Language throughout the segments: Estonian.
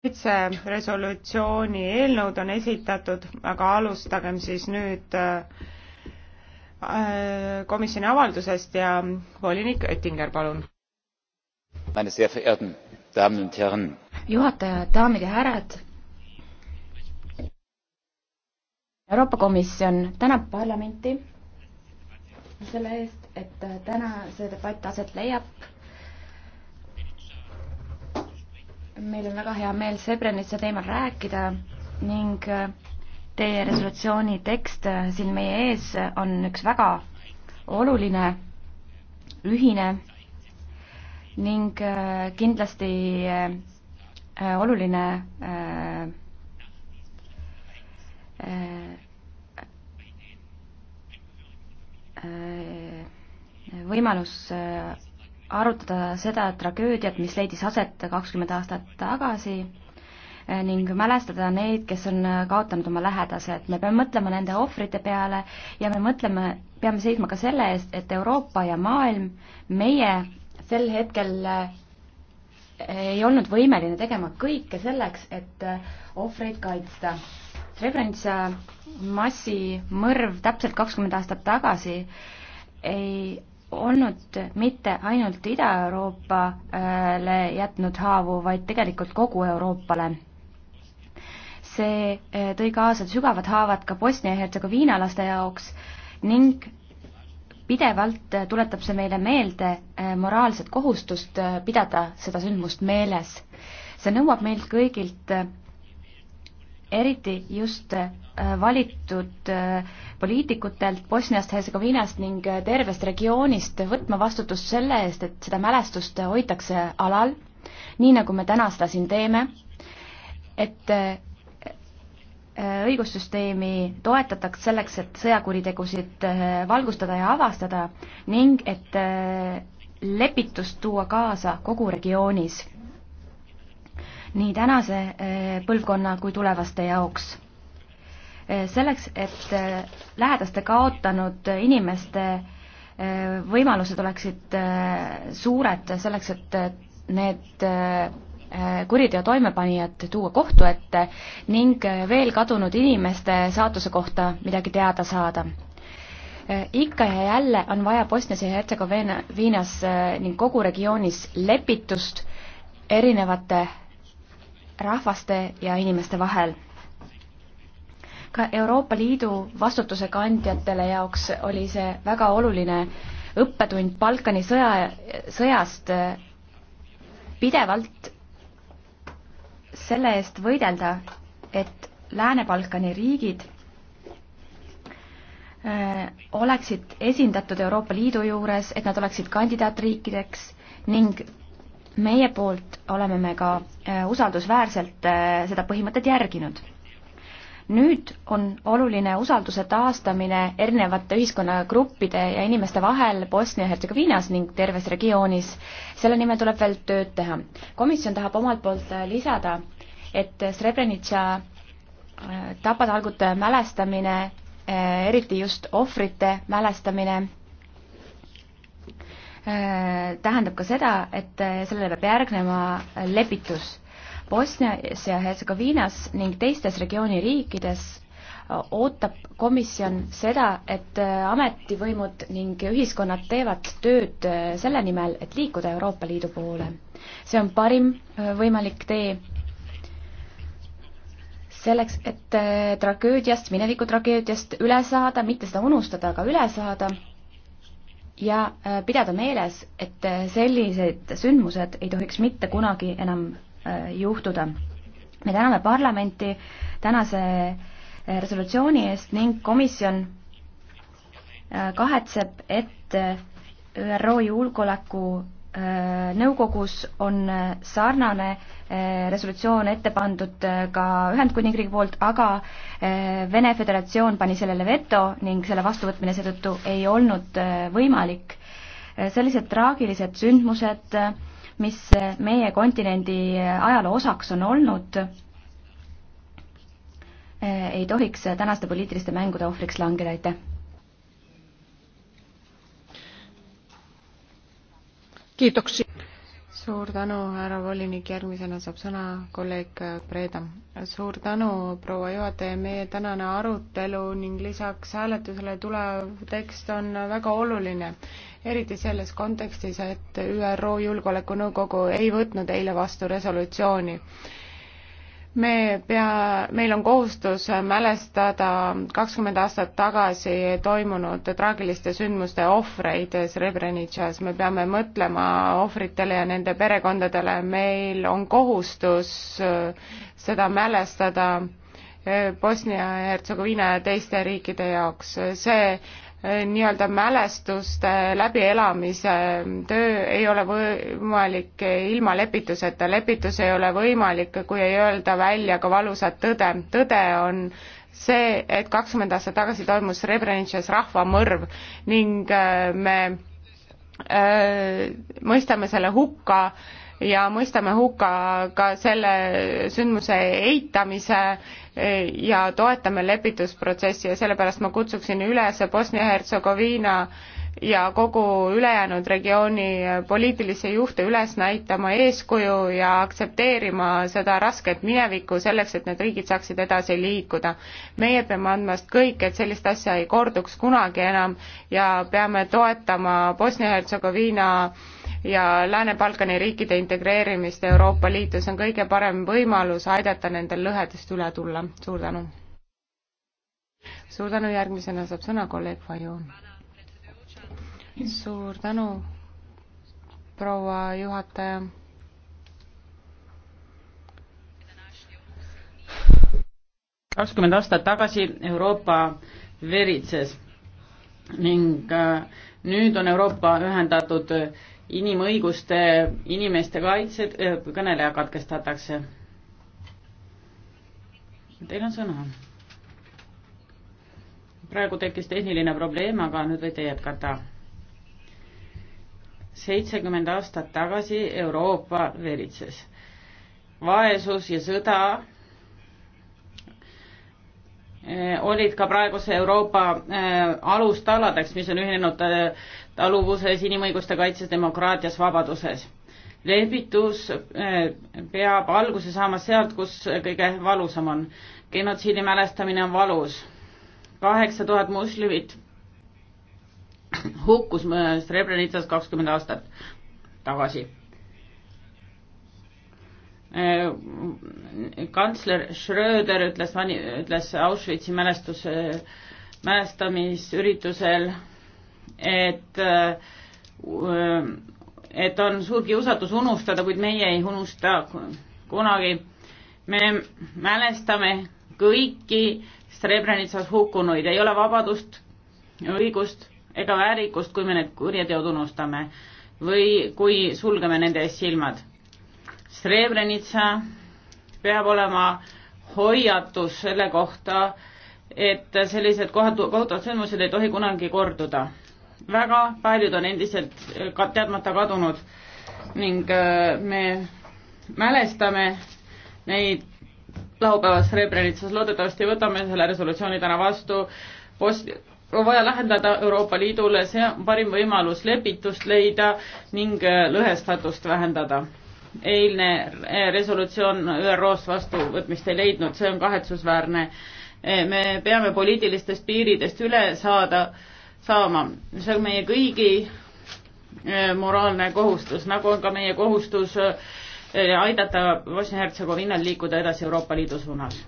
seitse resolutsiooni eelnõud on esitatud, aga alustagem siis nüüd äh, komisjoni avaldusest ja volinik Oettinger, palun. juhataja, daamid ja härrad. Euroopa Komisjon tänab parlamenti selle eest, et täna see debatt aset leiab meil on väga hea meel Srebrenica teemal rääkida ning äh, teie resolutsiooni tekst äh, siin meie ees on üks väga oluline, ühine ning äh, kindlasti oluline võimalus arutada seda tragöödiat, mis leidis aset kakskümmend aastat tagasi eh, ning mälestada neid, kes on eh, kaotanud oma lähedased. me peame mõtlema nende ohvrite peale ja me mõtleme, peame seisma ka selle eest, et Euroopa ja maailm, meie sel hetkel eh, ei olnud võimeline tegema kõike selleks, et ohvreid kaitsta. Srebrenica massimõrv täpselt kakskümmend aastat tagasi ei olnud mitte ainult Ida-Euroopale jätnud haavu, vaid tegelikult kogu Euroopale. see eh, tõi kaasa sügavad haavad ka Bosnia-Hertsegoviina laste jaoks ning pidevalt tuletab see meile meelde eh, moraalset kohustust eh, pidada seda sündmust meeles. see nõuab meilt kõigilt eriti just Äh, valitud äh, poliitikutelt Bosniast, Hertsegoviinast ning äh, tervest regioonist võtma vastutust selle eest, et seda mälestust hoitakse alal, nii nagu me täna seda siin teeme, et õigussüsteemi toetataks selleks, et sõjakuritegusid valgustada ja avastada ning et lepitust tuua kaasa kogu regioonis. nii tänase põlvkonna kui tulevaste jaoks Eh, selleks, et eh, lähedaste kaotanud inimeste eh, võimalused oleksid suured selleks, et need kuriteo toimepanijad tuua kohtu ette ning veel kadunud inimeste saatuse kohta midagi teada saada. ikka ja jälle on vaja Bosnias ja Hertsegoviinas ning kogu regioonis lepitust erinevate rahvaste ja inimeste vahel ka Euroopa Liidu vastutuse kandjatele jaoks oli see väga oluline õppetund Balkani sõja, sõjast eh, pidevalt selle eest võidelda, et Lääne-Balkani riigid eh, oleksid esindatud Euroopa Liidu juures, et nad oleksid kandidaatriikideks ning meie poolt oleme me ka eh, usaldusväärselt seda põhimõtet järginud nüüd on oluline usalduse taastamine erinevate ühiskonnagruppide ja inimeste vahel Bosnia-Hertsegoviinas ning terves regioonis. selle nimel tuleb veel tööd teha. komisjon tahab omalt poolt lisada, et Srebrenica äh, tapatalgute mälestamine, äh, eriti just ohvrite mälestamine, äh, tähendab ka seda, et sellele peab järgnema lepitus Bosnias ja Hertsegoviinas ning teistes regiooni riikides äh, ootab komisjon seda, et äh, ametivõimud ning ühiskonnad teevad tööd äh, selle nimel, et liikuda Euroopa Liidu poole. see on parim võimalik tee selleks, et tragöödiast, mineviku tragöödiast üle saada, mitte seda unustada, aga üle saada ja pidada meeles, et sellised sündmused ei tohiks mitte kunagi enam Äh, juhtuda. me täname parlamenti tänase äh, resolutsiooni eest ning komisjon äh, kahetseb, et ÜRO Julgeolekunõukogus on sarnane resolutsioon ette pandud ka Ühendkuningriigi poolt, aga Vene Föderatsioon pani sellele veto ning selle vastuvõtmine seetõttu ei olnud võimalik. sellised traagilised sündmused äh, mis meie kontinendi ajaloo osaks on olnud, eh, ei tohiks tänaste poliitiliste mängude ohvriks langeda, aitäh! kiitoksia suur tänu, härra volinik, järgmisena saab sõna kolleeg Preeda. suur tänu, proua juhataja, meie tänane arutelu ning lisaks hääletusele tulev tekst on väga oluline, eriti selles kontekstis, et ÜRO Julgeolekunõukogu ei võtnud eile vastu resolutsiooni me pea, meil on kohustus mälestada kakskümmend aastat tagasi toimunud traagiliste sündmuste ohvreid Srebrenitšas, me peame mõtlema ohvritele ja nende perekondadele, meil on kohustus seda mälestada Bosnia ja Hertsegoviina ja teiste riikide jaoks, see Äh, nii-öelda mälestuste läbielamise töö ei ole võimalik ilma lepituseta, lepitus ei ole võimalik, kui ei öelda välja ka valusat tõde. tõde on see, et kakskümmend aastat tagasi toimus Srebrenitšas rahvamõrv ning äh, me äh, mõistame selle hukka ja mõistame hukka ka selle sündmuse eitamise ja toetame lepitusprotsessi ja sellepärast ma kutsuksin üles Bosnia-Hertsegoviina ja kogu ülejäänud regiooni poliitilisi juhte üles näitama eeskuju ja aktsepteerima seda rasket minevikku selleks, et need riigid saaksid edasi liikuda. meie peame andma kõik, et sellist asja ei korduks kunagi enam ja peame toetama Bosnia-Hertsegoviina ja Lääne-Balkani riikide integreerimist Euroopa Liitu, see on kõige parem võimalus aidata nendel lõhedest üle tulla. suur tänu! suur tänu, järgmisena saab sõna kolleeg Fajon. suur tänu, proua juhataja kakskümmend aastat tagasi Euroopa veritses ning äh, nüüd on Euroopa ühendatud inimõiguste, inimeste kaitsed, äh, kõneleja katkestatakse. Teil on sõna. praegu tekkis tehniline probleem, aga nüüd võite jätkata. seitsekümmend aastat tagasi Euroopa veritses. vaesus ja sõda Eh, olid ka praeguse Euroopa eh, alustaladeks, mis on ühinenud eh, taluvuses, inimõiguste kaitses, demokraatias, vabaduses. lepitus peab alguse saama sealt, kus kõige valusam on. genotsiidi mälestamine on valus. kaheksa tuhat moslemit hukkus Srebrenitsas kakskümmend aastat tagasi Äh, kantsler Schröder ütles, ütles Auschwitzi mälestuse, mälestamisüritusel, et äh, et on suur kiusatus unustada, kuid meie ei unusta kunagi. me mälestame kõiki Srebrenitsas hukkunuid, ei ole vabadust, õigust ega väärikust, kui me need kurjateod unustame või kui sulgeme nende ees silmad Srebrenica peab olema hoiatus selle kohta, et sellised kohatu-, kohutavad sündmused ei tohi kunagi korduda. väga paljud on endiselt ka teadmata kadunud ning äh, me mälestame neid laupäevas Srebrenitsas, loodetavasti võtame selle resolutsiooni täna vastu, post-, on vaja lähendada Euroopa Liidule, see on parim võimalus lepitust leida ning äh, lõhestatust vähendada eilne eh, resolutsioon ÜRO-s vastuvõtmist ei leidnud, see on kahetsusväärne. Eh, me peame poliitilistest piiridest üle saada, saama, see on meie kõigi eh, moraalne kohustus, nagu on ka meie kohustus aidata Bosnia-Hertsegoviinal liikuda edasi Euroopa Liidu suunas.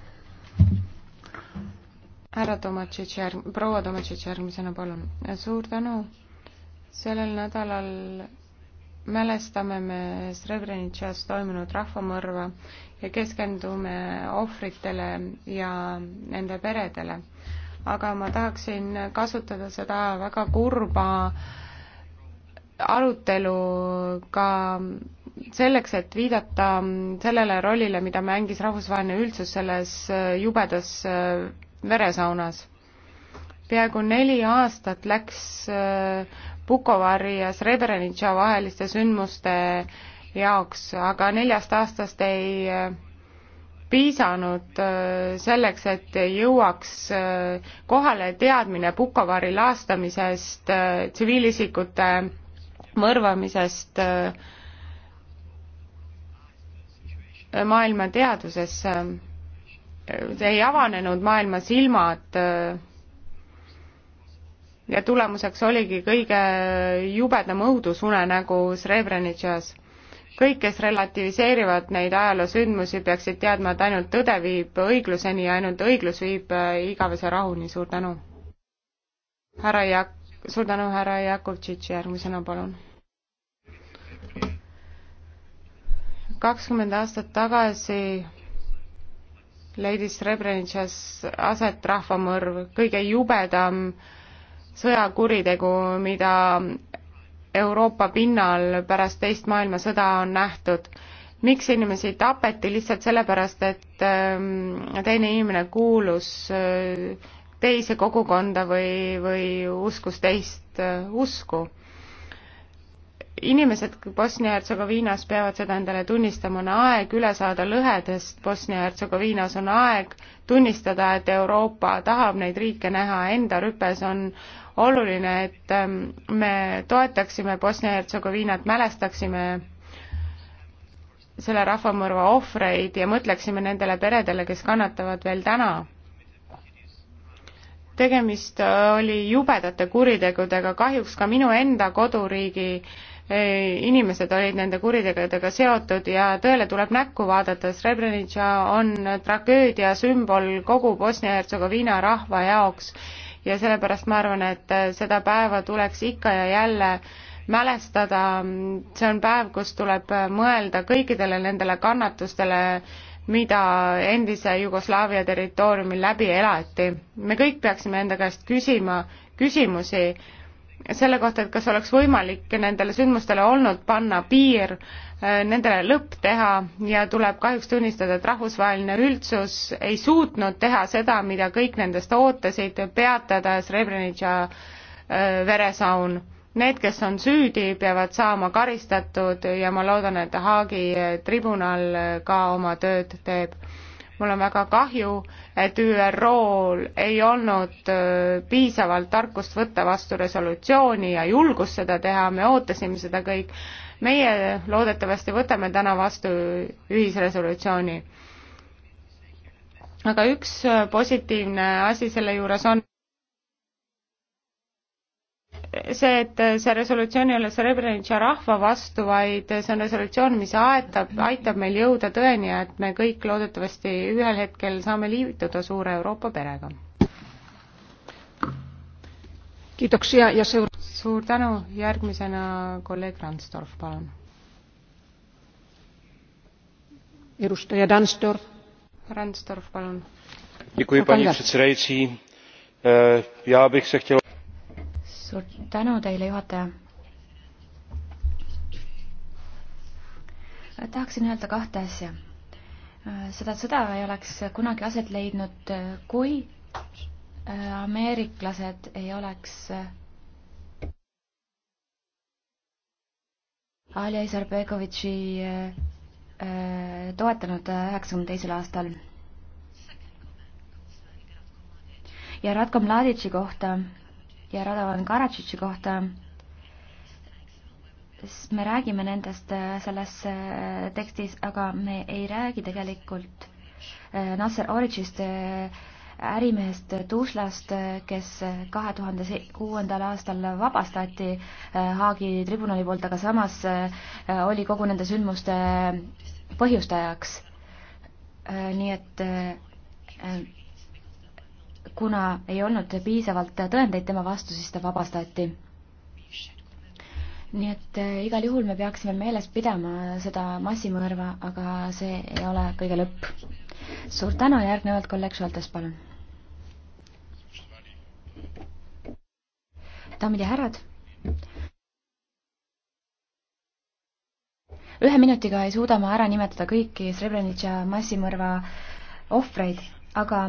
härra Tomatšitš, proua Tomatšitš järgmisena, palun. suur tänu. sellel nädalal mälestame me Srebrenitšas toimunud rahvamõrva ja keskendume ohvritele ja nende peredele. aga ma tahaksin kasutada seda väga kurba arutelu ka selleks, et viidata sellele rollile, mida mängis rahvusvaheline üldsus selles jubedas äh, veresaunas peaaegu neli aastat läks Bukovari äh, ja Srebrenica vaheliste sündmuste jaoks, aga neljast aastast ei äh, piisanud äh, selleks, et jõuaks kohale teadmine Bukovari laastamisest, tsiviilisikute mõrvamisest maailma teadvusesse. ei avanenud maailma silmad ja tulemuseks oligi kõige jubedam õudusunenägu Srebrenitšas. kõik, kes relativiseerivad neid ajaloosündmusi, peaksid teadma, et ainult tõde viib õigluseni ja ainult õiglus viib äh, igavese rahuni, suur tänu. härra Jak-, suur tänu, härra Jakovtšitš, järgmisena palun. kakskümmend aastat tagasi leidis Srebrenitšas aset rahvamõrv, kõige jubedam äh, sõjakuritegu, mida Euroopa pinnal pärast teist maailmasõda on nähtud. miks inimesi tapeti, lihtsalt sellepärast, et ähm, teine inimene kuulus äh, teise kogukonda või, või uskus teist äh, usku inimesed Bosnia-Hertsegoviinas peavad seda endale tunnistama, on aeg üle saada lõhedest Bosnia-Hertsegoviinas, on aeg tunnistada, et Euroopa tahab neid riike näha enda rüpes, on oluline, et ähm, me toetaksime Bosnia-Hertsegoviinat, mälestaksime selle rahvamõrva ohvreid ja mõtleksime nendele peredele, kes kannatavad veel täna tegemist oli jubedate kuritegudega, kahjuks ka minu enda koduriigi äh, inimesed olid nende kuritegudega seotud ja tõele tuleb näkku vaadata, Srebrenica on tragöödia sümbol kogu Bosnia-Hertsegoviina rahva jaoks ja sellepärast ma arvan, et seda päeva tuleks ikka ja jälle mälestada, see on päev, kus tuleb mõelda kõikidele nendele kannatustele, mida endise Jugoslaavia territooriumil läbi elati. me kõik peaksime enda käest küsima küsimusi, selle kohta, et kas oleks võimalik nendele sündmustele olnud panna piir, äh, nendele lõpp teha ja tuleb kahjuks tunnistada, et rahvusvaheline üldsus ei suutnud teha seda, mida kõik nendest ootasid, peatada Srebrenica äh, veresaun. Need, kes on süüdi, peavad saama karistatud ja ma loodan, et Haagi äh, tribunal ka oma tööd teeb mul on väga kahju, et ÜRO-l ei olnud äh, piisavalt tarkust võtta vastu resolutsiooni ja julgust seda teha, me ootasime seda kõik. meie loodetavasti võtame täna vastu ühisresolutsiooni. aga üks äh, positiivne asi selle juures on, see, et see resolutsioon ei ole Srebrenica rahva vastu, vaid see on resolutsioon, mis aetab, aitab meil jõuda tõeni ja et me kõik loodetavasti ühel hetkel saame liivituda suure Euroopa perega. kiitoksia ja suur suur tänu, järgmisena kolleeg Randstorf, palun. edustaja Randstorf. Randstorf, palun. Děkuji, paní předsedající. Eh, já bych se chtěl suur tänu teile, juhataja. tahaksin öelda kahte asja. seda sõda ei oleks kunagi aset leidnud, kui ameeriklased ei oleks Alja Isarbekovitši äh, toetanud üheksakümne teisel aastal. ja Ratko Mladici kohta ja Radovan Karadžitši kohta, siis me räägime nendest äh, selles äh, tekstis, aga me ei räägi tegelikult äh, Nasser Oridžist, ärimehest Tuslast, kes kahe tuhande kuuendal aastal vabastati Haagi tribunali poolt, aga samas oli kogu nende sündmuste põhjustajaks. nii et kuna ei olnud piisavalt tõendeid tema vastu, siis ta vabastati. nii et äh, igal juhul me peaksime meeles pidama seda massimõrva, aga see ei ole kõige lõpp. suur tänu, järgnevalt kolleeg Šoltes, palun. daamid ja härrad. ühe minutiga ei suuda ma ära nimetada kõiki Srebrenica massimõrva ohvreid, aga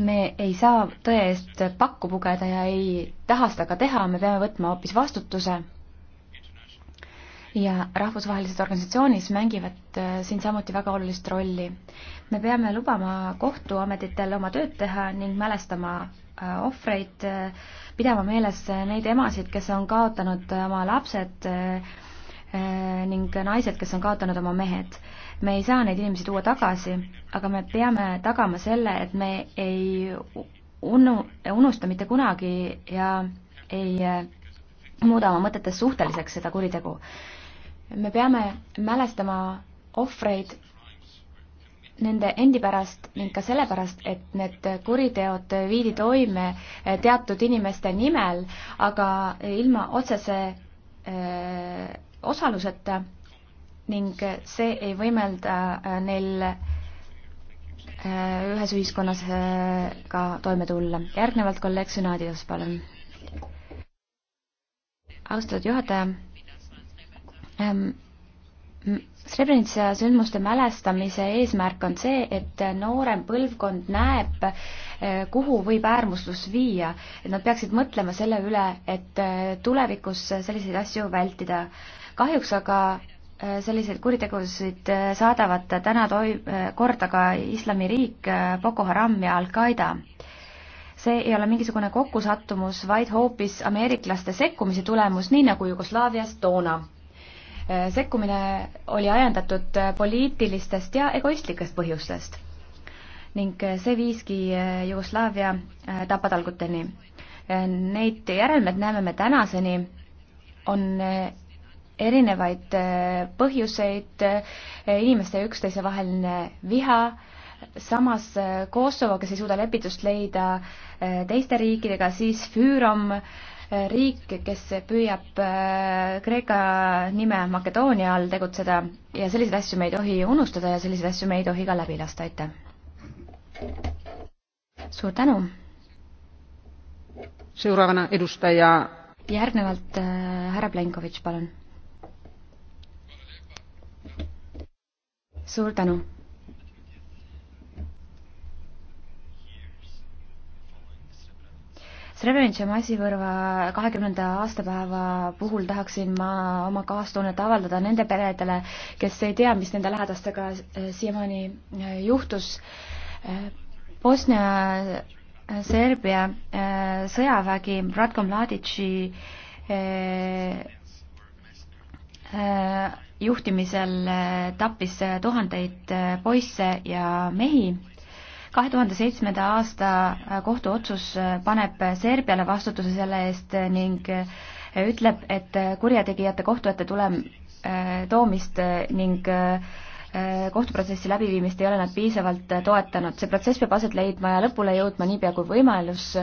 me ei saa tõe eest pakku pugeda ja ei taha seda ka teha, me peame võtma hoopis vastutuse. ja rahvusvahelised organisatsioonis mängivad äh, siin samuti väga olulist rolli. me peame lubama kohtuametitel oma tööd teha ning mälestama äh, ohvreid, äh, pidama meeles neid emasid, kes on kaotanud oma lapsed ning naised, kes on kaotanud oma mehed me ei saa neid inimesi tuua tagasi, aga me peame tagama selle, et me ei unu-, unusta mitte kunagi ja ei eh, muuda oma mõtetes suhteliseks seda kuritegu. me peame mälestama ohvreid nende endi pärast ning ka sellepärast, et need kuriteod viidi toime eh, teatud inimeste nimel, aga ilma otsese öö, eh, osaluseta ning see ei võimelda äh, neil äh, ühes ühiskonnas äh, ka toime tulla. järgnevalt kolleeg Sünadios, palun. austatud juhataja ähm,. Srebrenica sündmuste mälestamise eesmärk on see, et noorem põlvkond näeb, kuhu võib äärmuslus viia, et nad peaksid mõtlema selle üle, et tulevikus selliseid asju vältida. kahjuks aga selliseid kuritegusid äh, saadavad täna toim-, äh, korda ka islamiriik, äh, Boko Haram ja Al-Qaeda. see ei ole mingisugune kokkusattumus, vaid hoopis ameeriklaste sekkumise tulemus, nii nagu Jugoslaavias toona. sekkumine oli ajendatud poliitilistest ja egoistlikest põhjustest ning see viiski Jugoslaavia tapatalguteni. Neid järelmeid näeme me tänaseni, on erinevaid äh, põhjuseid, äh, inimeste ja üksteise vaheline viha, samas äh, Kosovo, kes ei suuda lepitust leida teiste riikidega, siis Füürom, riik, kes püüab Kreeka nime Makedoonia all tegutseda ja selliseid asju me ei tohi unustada ja selliseid asju me ei tohi ka läbi lasta, aitäh! suur tänu! seuraavana edustaja järgnevalt härra Plenkovitš, palun suur tänu. Srebrenica massivõrva kahekümnenda aastapäeva puhul tahaksin ma oma kaastunnet avaldada nende peredele, kes ei tea, mis nende lähedastega siiamaani äh, juhtus. Äh, Bosnia äh, Serbia sõjavägi Ratko Mladici juhtimisel äh, tappis äh, tuhandeid äh, poisse ja mehi. kahe tuhande seitsmenda aasta kohtuotsus paneb Serbiale vastutuse selle eest ning ütleb, et kurjategijate kohtu ette tule-, toomist ning äh, kohtuprotsessi läbiviimist ei ole nad piisavalt toetanud. see protsess peab aset leidma ja lõpule jõudma niipea kui võimalus.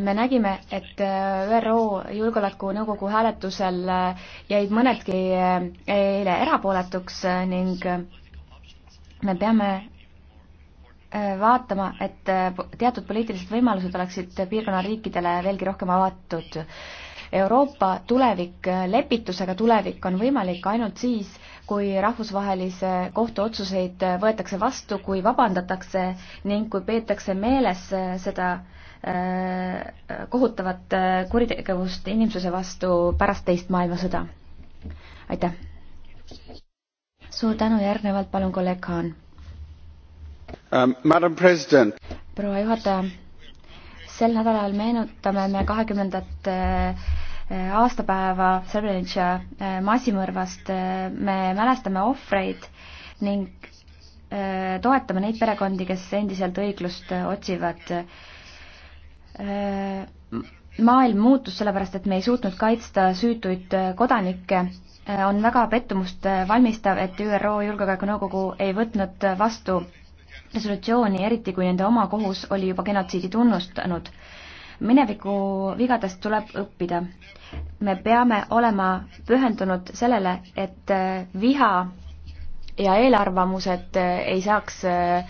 me nägime, et ÜRO Julgeolekunõukogu hääletusel jäid mõnedki eile erapooletuks ning me peame vaatama, et teatud poliitilised võimalused oleksid piirkonna riikidele veelgi rohkem avatud. Euroopa tulevik, lepitusega tulevik on võimalik ainult siis, kui rahvusvahelise kohtu otsuseid võetakse vastu, kui vabandatakse ning kui peetakse meeles seda äh, kohutavat äh, kuritegevust inimsuse vastu pärast teist maailmasõda. aitäh! suur tänu, järgnevalt palun kolleeg Haan um,. proua juhataja, sel nädalal meenutame me kahekümnendat 20 äh, aastapäeva Srebrenica äh, massimõrvast äh, me mälestame ohvreid ning äh, toetame neid perekondi, kes endiselt õiglust otsivad. maailm muutus sellepärast, et me ei suutnud kaitsta süütuid kodanikke. on väga pettumust valmistav, et ÜRO Julgeolekunõukogu ei võtnud vastu resolutsiooni, eriti kui nende oma kohus oli juba genotsiidi tunnustanud mineviku vigadest tuleb õppida. me peame olema pühendunud sellele, et äh, viha ja eelarvamused äh, ei saaks äh,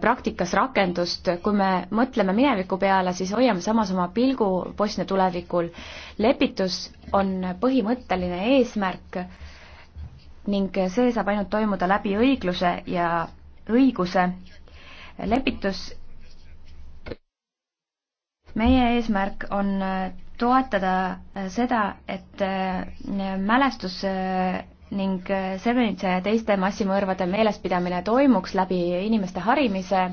praktikas rakendust. kui me mõtleme mineviku peale, siis hoiame samas oma pilgu Bosnia tulevikul. lepitus on põhimõtteline eesmärk ning see saab ainult toimuda läbi õigluse ja õiguse. lepitus meie eesmärk on äh, toetada äh, seda, et äh, mälestus ning Srebrenica ja teiste massimõrvade meelespidamine toimuks läbi inimeste harimise.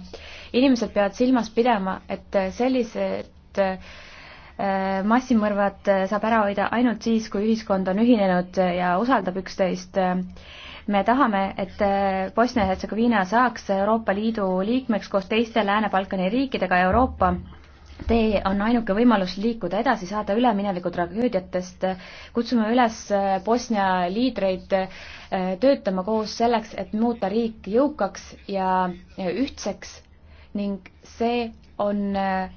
inimesed peavad silmas pidama, et sellised massimõrvad saab ära hoida ainult siis, kui ühiskond on ühinenud ja usaldab üksteist. me tahame, et Bosnia-Hertsegoviina saaks Euroopa Liidu liikmeks koos teiste Lääne-Balkani riikidega Euroopa tee on ainuke võimalus liikuda edasi, saada üle mineviku tragöödiatest. kutsume üles äh, Bosnia liidreid äh, töötama koos selleks, et muuta riik jõukaks ja ühtseks ning see on äh,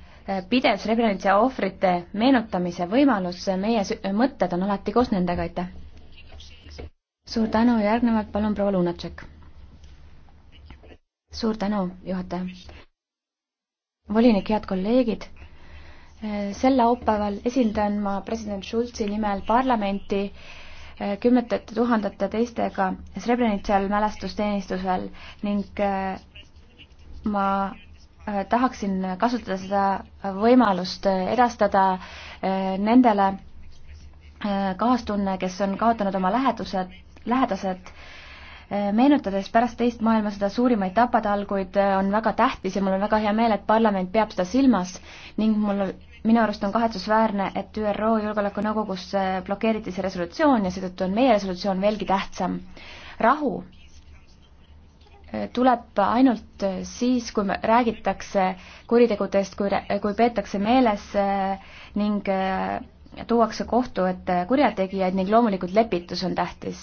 pidev Srebrenica ohvrite meenutamise võimalus, meie mõtted on alati koos nendega, aitäh! suur tänu, järgnevalt palun proua Lunatšek. suur tänu, juhataja. volinik, head kolleegid sel laupäeval esindan ma president Schulzi nimel parlamenti eh, kümnete tuhandete teistega Srebrenitsal mälestusteenistusel ning eh, ma eh, tahaksin kasutada seda võimalust edastada nendele kaastunne, kes on kaotanud oma lähedused, lähedased, meenutades pärast teist maailmasõda suurimaid tapatalguid, on väga tähtis ja mul on väga hea meel, et parlament peab seda silmas ning mul minu arust on kahetsusväärne, et ÜRO Julgeolekunõukogus blokeeriti see resolutsioon ja seetõttu on meie resolutsioon veelgi tähtsam. rahu tuleb ainult siis, kui räägitakse kuritegudest, kui, kui peetakse meeles eh, ning eh, tuuakse kohtu ette kurjategijaid ning loomulikult lepitus on tähtis.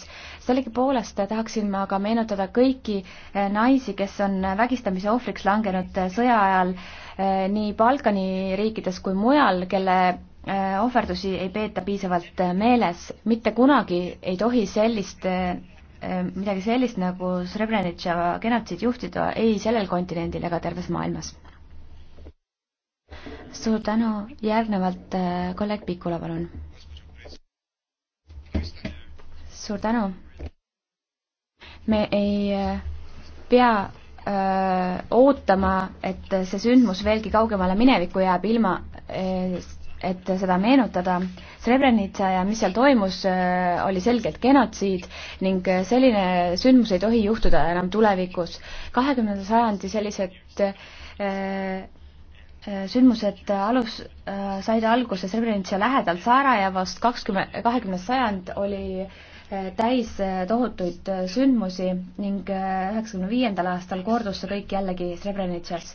sellegipoolest tahaksin ma aga meenutada kõiki eh, naisi, kes on vägistamise ohvriks langenud eh, sõja ajal eh, nii Balkani riikides kui mujal, kelle ohverdusi ei peeta piisavalt meeles. mitte kunagi ei tohi sellist, midagi sellist nagu Srebrenica genotsiid juhtida ei sellel kontinendil ega terves maailmas suur tänu, järgnevalt äh, kolleeg Pikula, palun. suur tänu. me ei äh, pea öö, äh, ootama, et see sündmus veelgi kaugemale minevikku jääb, ilma et seda meenutada. Srebrenica ja mis seal toimus, oli selgelt genotsiid ning selline sündmus ei tohi juhtuda enam tulevikus. kahekümnenda sajandi sellised öö, Äh, sündmused äh, alus, äh, said alguse Srebrenica lähedal Sarajevast, kakskümmend, kahekümnes sajand oli täis tohutuid sündmusi ning üheksakümne viiendal aastal kordus see kõik jällegi Srebrenitsas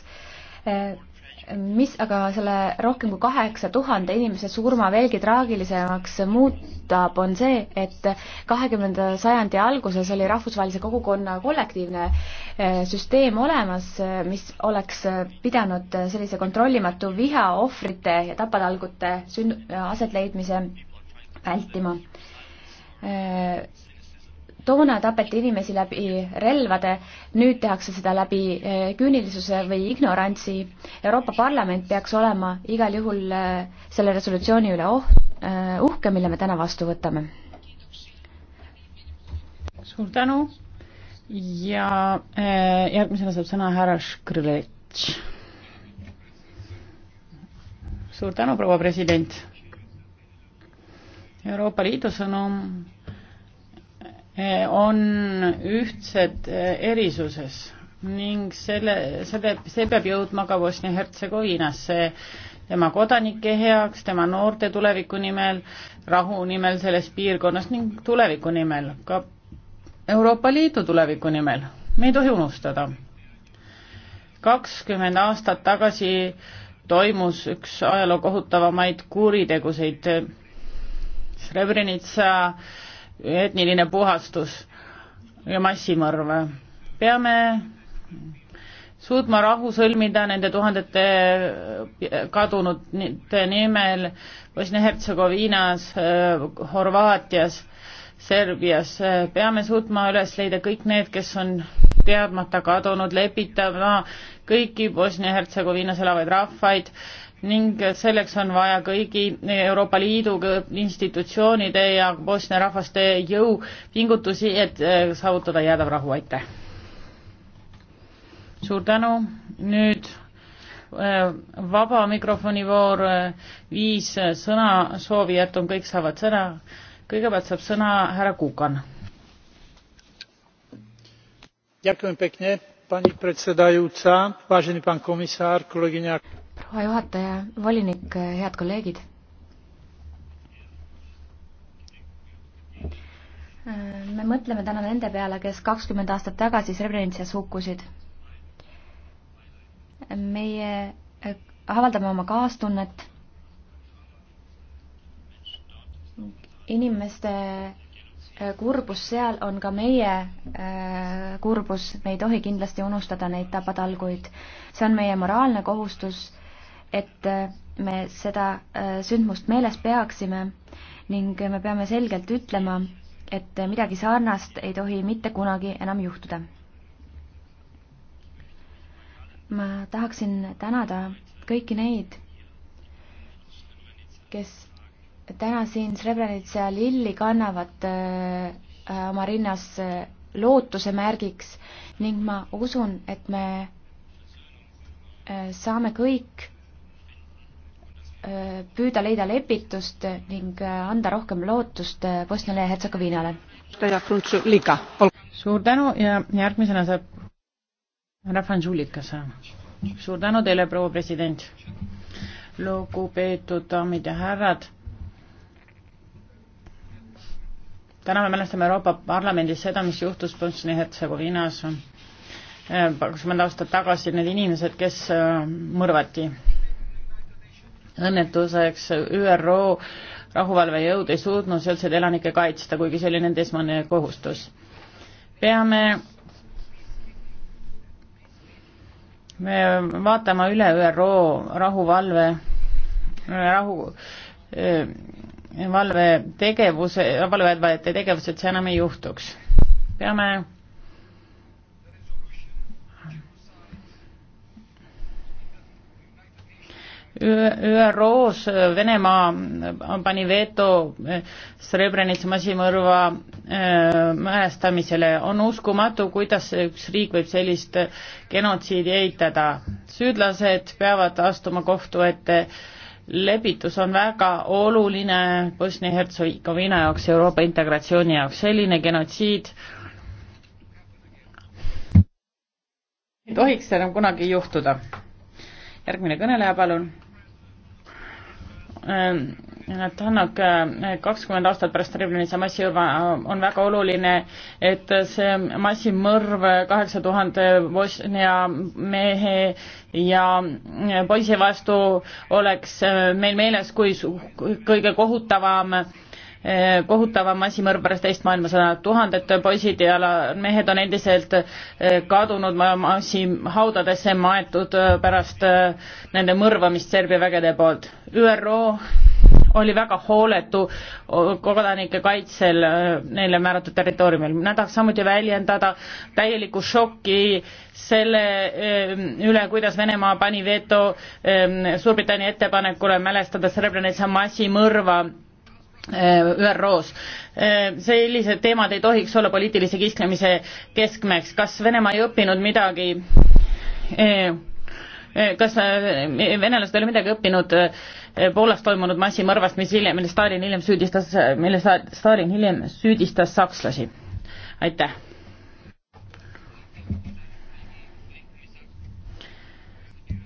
mis aga selle rohkem kui kaheksa tuhande inimese surma veelgi traagilisemaks muutab, on see, et kahekümnenda sajandi alguses oli rahvusvahelise kogukonna kollektiivne eh, süsteem olemas, eh, mis oleks eh, pidanud sellise kontrollimatu viha ohvrite ja tapatalgute sünd-, asetleidmise vältima toona tapeti inimesi läbi relvade, nüüd tehakse seda läbi eh, küünilisuse või ignorantsi. Euroopa Parlament peaks olema igal juhul eh, selle resolutsiooni üle oh-, eh, uhke, mille me täna vastu võtame. suur tänu ja järgmisena saab sõna härra Škrilitš. suur tänu, proua president. Euroopa Liidu sõnum on ühtsed eh, erisuses ning selle, selle, see peab jõudma ka Bosnia-Hertsegoviinasse tema kodanike heaks, tema noorte tuleviku nimel, rahu nimel selles piirkonnas ning tuleviku nimel, ka Euroopa Liidu tuleviku nimel. me ei tohi unustada. kakskümmend aastat tagasi toimus üks ajaloo kohutavamaid kuritegusid, Srebrenica etniline puhastus ja massimarv. peame suutma rahu sõlmida nende tuhandete kadunute nimel Bosnia-Hertsegoviinas, Horvaatias, Serbias, peame suutma üles leida kõik need, kes on teadmata kadunud, lepitama kõiki Bosnia-Hertsegoviinas elavaid rahvaid, ning selleks on vaja kõigi Euroopa Liidu institutsioonide ja Bosnia rahvaste jõupingutusi, et äh, saavutada jäädav rahu, aitäh! suur tänu, nüüd äh, vaba mikrofoni voor, äh, viis sõnasoovijat on, kõik saavad sõna, kõigepealt saab sõna härra Kukan. pani predsedajuca, važeni pan komisar, kolleegina proua juhataja, volinik, head kolleegid. me mõtleme täna nende peale, kes kakskümmend aastat tagasi Srebrenitsas hukkusid. meie äh, avaldame oma kaastunnet inimeste äh, kurbus seal on ka meie äh, kurbus, me ei tohi kindlasti unustada neid tapatalguid. see on meie moraalne kohustus et äh, me seda äh, sündmust meeles peaksime ning me peame selgelt ütlema, et midagi sarnast ei tohi mitte kunagi enam juhtuda. ma tahaksin tänada kõiki neid, kes täna siin Srebrenica lilli kannavad äh, oma rinnas lootuse märgiks ning ma usun, et me saame kõik püüda leida lepitust ning äh, anda rohkem lootust äh, Bosniale ja Hertsegoviinale. suur tänu ja järgmisena saab härra Franzulika sõna. suur tänu teile, proua president. lugupeetud daamid ja härrad. täna me mälestame Euroopa Parlamendis seda, mis juhtus Bosnia-Hertsegoviinas äh, kakskümmend aastat tagasi, need inimesed, kes mõrvati õnnetuseks ÜRO rahuvalvejõud ei suutnud sealseid elanikke kaitsta, kuigi see oli nende esmane kohustus. peame me vaatama üle ÜRO rahuvalve, rahu äh, valve tegevuse, valvevate tegevused, see enam ei juhtuks. peame ÜRO-s Venemaa äh, pani veto äh, Srebrenitsa massimõrva äh, mälestamisele. on uskumatu, kuidas üks riik võib sellist genotsiidi eitada. süüdlased peavad astuma kohtu ette. lepitus on väga oluline Bosnia-Hertsegoviina jaoks, Euroopa integratsiooni jaoks. selline genotsiid ei tohiks enam kunagi juhtuda. järgmine kõneleja, palun Äh, Tannak äh, kakskümmend aastat pärast Srebrenica massijõuva äh, on väga oluline, et see massimõrv kaheksa tuhande Bosnia mehe ja poisi vastu oleks meil meeles kui kõige kohutavam Eh, kohutava massimõrv pärast teist maailmasõda. tuhanded poisid ja mehed on endiselt eh, kadunud massihaudadesse maetud eh, pärast nende mõrvamist Serbia vägede poolt. ÜRO oli väga hooletu kodanike kaitsel neile määratud territooriumil. ma tahaks samuti väljendada täielikku šokki selle üle, kuidas Venemaa pani veto Suurbritannia ettepanekule mälestada Srebrenica massimõrva Äh, ÜRO-s. Äh, sellised teemad ei tohiks olla poliitilise kisklemise keskmeks. kas Venemaa ei õppinud midagi äh, kas venelased ei ole midagi õppinud Poolas toimunud massimõrvast, mis hiljem, mille Stalin hiljem süüdistas, mille Stalin hiljem süüdistas sakslasi? aitäh.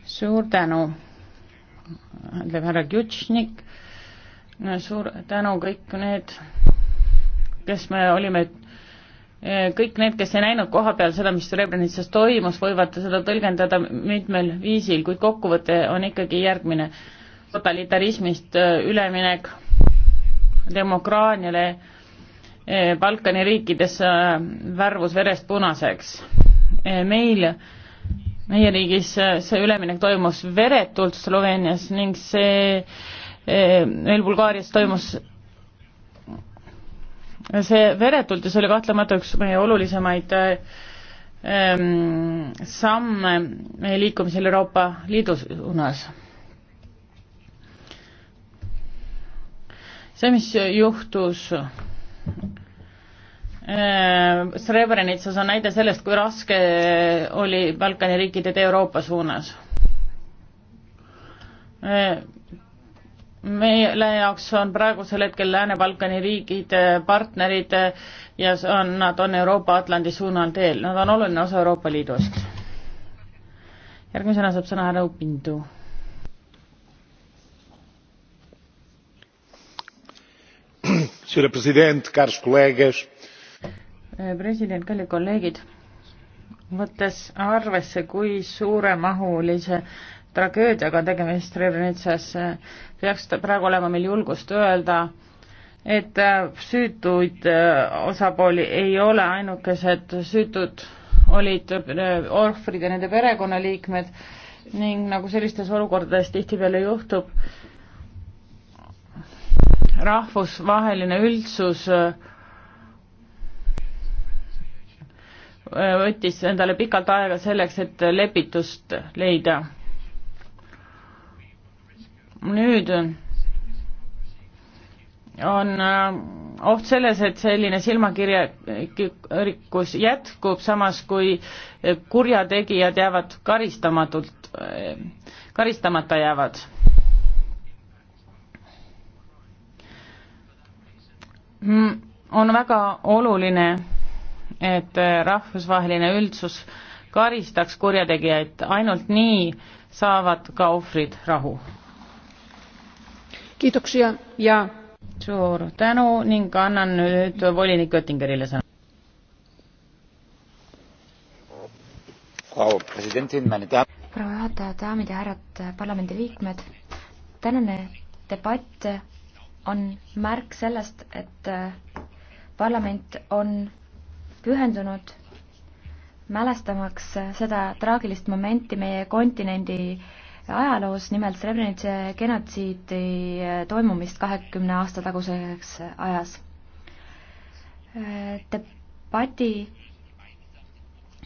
suur tänu, ütleb härra Kjutšnik suur tänu kõik need, kes me olime, eh, kõik need, kes ei näinud koha peal seda, mis Srebrenitsas toimus, võivad seda tõlgendada mitmel viisil, kuid kokkuvõte on ikkagi järgmine. totalitarismist eh, üleminek demokraaniale eh, Balkani riikides värvus verest punaseks. meil, meie riigis see üleminek toimus veretult Sloveenias ning see meil eh, Bulgaarias toimus see veretult ja see oli kahtlemata üks meie olulisemaid ehm, samme meie liikumisel Euroopa Liidu suunas. see, mis juhtus ehm, Srebrenitsas on näide sellest, kui raske oli Balkani riikide tee Euroopa suunas eh, meile jaoks on praegusel hetkel Lääne-Balkani riigid eh, partnerid eh, ja on, nad on Euroopa-Atlandi suunal teel, nad on oluline osa Euroopa Liidust. järgmisena saab sõna härra Upindu. Eh, president, kallid kolleegid, võttes arvesse, kui suuremahulise tragöödiaga on tegemist Srebrenitsas, peaks praegu olema meil julgust öelda, et äh, süütuid äh, osapooli ei ole, ainukesed süütud olid äh, ohvrid ja nende perekonnaliikmed ning nagu sellistes olukordades tihtipeale juhtub, rahvusvaheline üldsus võttis endale pikalt aega selleks, et lepitust leida nüüd on äh, oht selles, et selline silmakirjalikkus jätkub, samas kui äh, kurjategijad jäävad karistamatult, äh, karistamata jäävad. Mm, on väga oluline, et rahvusvaheline üldsus karistaks kurjategijaid, ainult nii saavad ka ohvrid rahu kiitoksia ja suur tänu ning annan nüüd volinik Oettingerile sõna. proua juhataja, daamid ja härrad parlamendiliikmed, tänane debatt on märk sellest, et parlament on pühendunud mälestamaks seda traagilist momenti meie kontinendi äh, ajaloos, nimelt Srebrenitsa genotsiidi äh, toimumist kahekümne aasta taguseks ajas. Äh, debati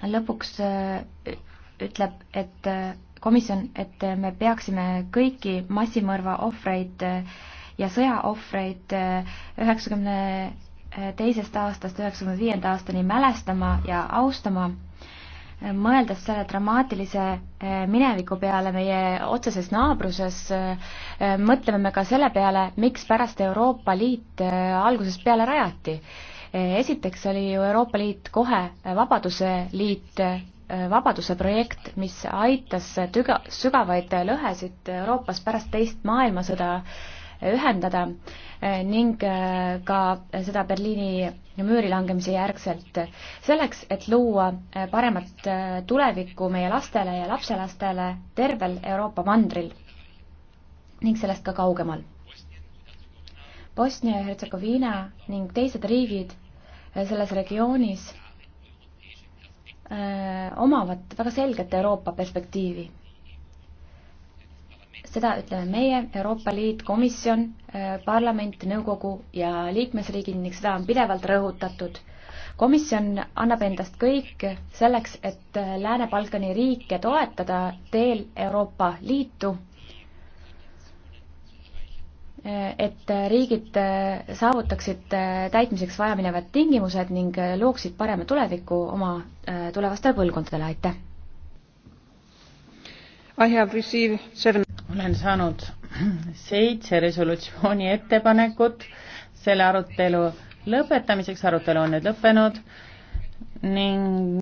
lõpuks äh, ütleb, et komisjon, et me peaksime kõiki massimõrva ohvreid ja sõjaohvreid üheksakümne teisest aastast üheksakümne viienda aastani mälestama ja austama mõeldes selle dramaatilise eh, mineviku peale meie otseses naabruses, eh, mõtleme me ka selle peale, mikspärast Euroopa Liit eh, algusest peale rajati. esiteks oli ju Euroopa Liit kohe Vabaduse Liit, vabaduse projekt, mis aitas tüga-, sügavaid lõhesid Euroopas pärast teist maailmasõda ühendada ning äh, ka seda Berliini müüri langemise järgselt. selleks, et luua äh, paremat äh, tulevikku meie lastele ja lapselastele tervel Euroopa mandril ning sellest ka kaugemal. Bosnia ja Hertsegoviina ning teised riigid selles regioonis öö, omavad väga selget Euroopa perspektiivi seda ütleme meie, Euroopa Liit, komisjon, äh, parlament, nõukogu ja liikmesriigid ning seda on pidevalt rõhutatud. komisjon annab endast kõik selleks, et äh, Lääne-Balkani riike toetada teel Euroopa Liitu, äh, et riigid saavutaksid täitmiseks vajaminevad tingimused ning looksid parema tuleviku oma tulevastele põlvkondadele, aitäh! i have received seven olen saanud seitse resolutsiooni ettepanekut selle arutelu lõpetamiseks, arutelu on nüüd lõppenud ning